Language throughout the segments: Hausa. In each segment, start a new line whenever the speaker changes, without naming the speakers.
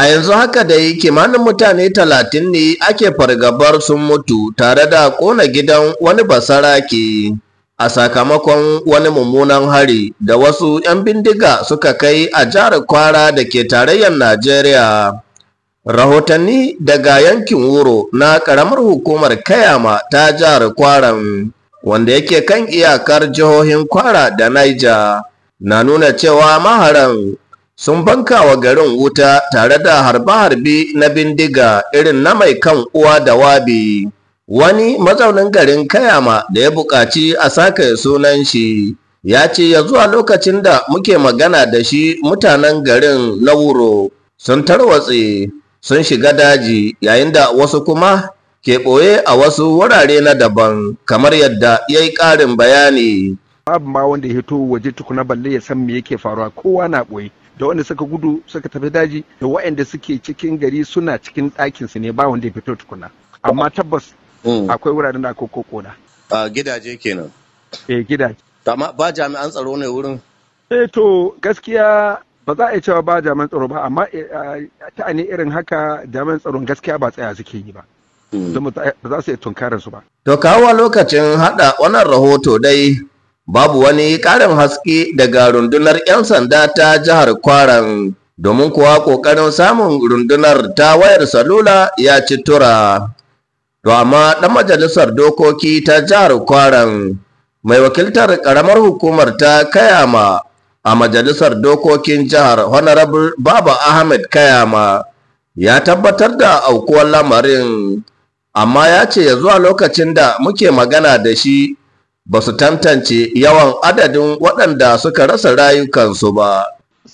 a yanzu haka dai kimanin mutane talatin ne ake fargabar sun mutu tare da kona gidan wani basarake a sakamakon wani mummunan hari da wasu 'yan bindiga suka kai a jihar kwara da ke tarayyar najeriya rahotanni daga yankin wuro na karamar hukumar kayama ta jihar kwara wanda yake kan iyakar jihohin kwara da niger na nuna cewa maharan sun banka wa garin wuta tare da harbe-harbe na bindiga irin na mai kan uwa da wabi wani mazaunin garin kayama da ya buƙaci a saka sunan shi ya ce ya zuwa lokacin da muke magana da shi mutanen garin na wuro sun tarwatse sun shiga daji yayin da wasu kuma ke ɓoye a wasu wurare na daban kamar yadda ya yi ƙarin bayani babu ma wanda ya
hito waje tukuna balle ya san me yake faruwa kowa na ɓoye da wanda suka gudu suka tafi daji da waɗanda suke cikin gari suna cikin ɗakin su ne ba wanda ya fito tukuna amma tabbas mm. akwai wuraren da aka kokona gidaje kenan eh gidaje amma ba jami'an tsaro ne wurin eh to gaskiya ba za a yi cewa ba jami'an tsaro ba amma eh, ta ne irin haka jami'an tsaron gaskiya ba tsaya suke yi ba mm. ba za su yi tunkarinsu su ba
to kawo lokacin hada wannan rahoto dai babu wani ƙarin haske daga rundunar 'yan sanda ta jihar kwaran domin kuwa ƙoƙarin samun rundunar ta wayar salula ya ci tura to amma dan majalisar dokoki ta jihar kwaran mai wakiltar Karamar hukumar ta kayama a majalisar dokokin jihar honorable baba ahmed kayama ya tabbatar da aukuwar lamarin amma ya ce ya zuwa lokacin da muke magana da shi ba su tantance yawan adadin
waɗanda suka rasa
rayukansu ba.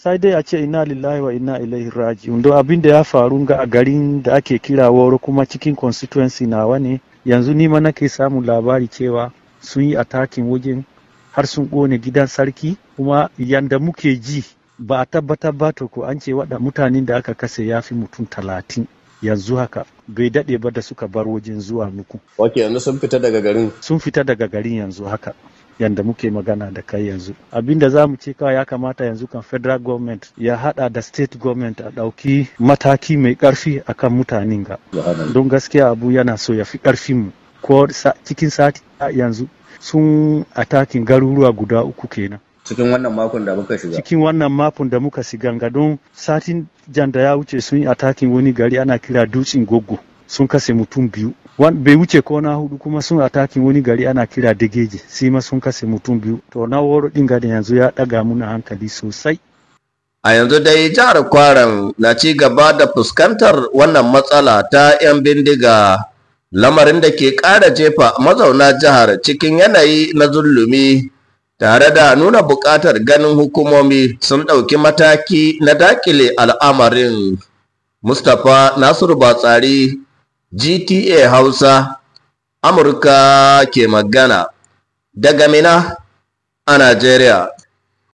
sai dai a ce ina lillahi wa ina ilaihi raji. don abin da ya faru ga a garin da ake kira woro kuma cikin constituency na wani. yanzu ni ma nake samun labari cewa sun yi attacking wajen har sun kone gidan sarki kuma yanda muke ji ba a tabbatar ba to ko an ce waɗa mutanen da aka kase ya fi mutum talatin yanzu haka bai daɗe ba da suka bar wajen zuwa muku. Wake yanzu sun fita daga garin? Sun fita daga garin yanzu haka. yanda muke magana da kai yanzu abinda za mu ce kawai ya kamata yanzu kan federal government ya hada da state government a dauki mataki mai karfi kan mutanen ga don gaskiya abu yana so ya fi karfin mu ko cikin sati yanzu sun atakin garuruwa guda uku kenan
cikin wannan makon da muka shiga
cikin wannan makon da muka shiga gadon satin jan da ya wuce sun yi atakin wani gari ana kira dutsin goggo sun kase mutum biyu bai wuce ko na hudu kuma sun atakin wani gari ana kira dageji sai ma sun kase mutum biyu to na woro din gadin yanzu ya daga muna hankali sosai
a yanzu dai jihar kwaran na ci gaba da fuskantar wannan matsala ta 'yan bindiga lamarin da ke ƙara jefa mazauna jihar cikin yanayi na zulumi tare da nuna buƙatar ganin hukumomi sun ɗauki mataki na dakile al'amarin mustapha nasiru batsari gta hausa amurka ke magana daga mina a najeriya